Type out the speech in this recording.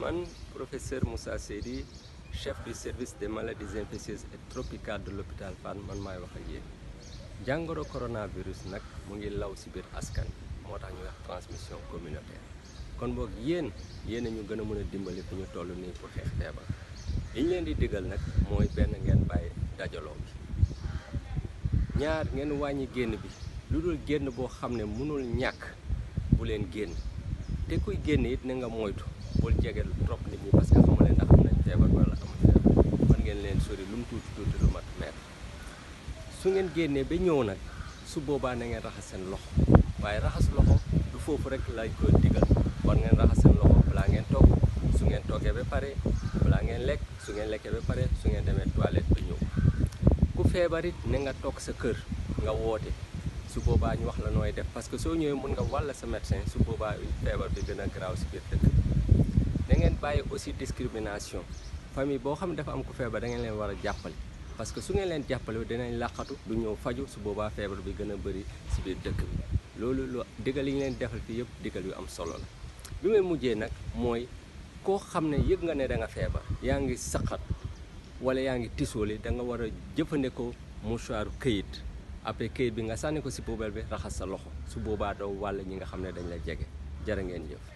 man professeur Moussa Seydi chef du service des maladies infectieuses et tropicales de l'hôpital Fann man maay wax ak yéen jàngoro coronavirus nag mu ngi law ci biir askan moo tax ñu wax transmission communautaire kon boog yéen yéen a ñu gën a mën a dimbali fi ñu toll nii pour xeex feebar li leen di digal nag mooy benn ngeen bàyyi dajaloo bi ñaar ngeen wàññi génn bi lu dul génn boo xam ne mënul ñàkk bu leen génn te kuy génn it na nga moytu bul jege trop nit ñi parce que xamu leen ndax am nañ feebar wala amuñ feebar mën ngeen leen sori lu mu tuuti tuuti lu mat mètre su ngeen génnee ba ñëw nag su boobaa na ngeen raxas seen loxo waaye raxas loxo du foofu rek lañ ko digal war ngeen raxas seen loxo balaa ngeen toog su ngeen toogee ba pare balaa ngeen lekk su ngeen lekkee ba pare su ngeen demee toilette ba ñëw ku feebar it na nga toog sa kër nga woote su boobaa ñu wax la nooy def parce que soo ñëwee mun nga wàll sa médecin su boobaa feebar bi gën a garaaw si biir dëkk da ngeen bàyyi aussi discrimination famille boo xam ne dafa am ko feebar da ngeen leen war a jàppale parce que su ngeen leen jàppale dinañ làqatu du ñëw faju su boobaa feebar bi gën a bëri si biir dëkk bi loolu lu digal yi leen defal fi yëpp digal yu am solo la bi may mujjee nag mooy koo xam ne yëg nga ne da nga feebar yaa ngi saqat wala yaa ngi tisooli da nga war a jëfandikoo mouchoiru këyit après këyit bi nga sànni ko si poubelle bi raxas sa loxo su boobaa doo ñi nga xam ne dañ la jege jërë ngeen jëf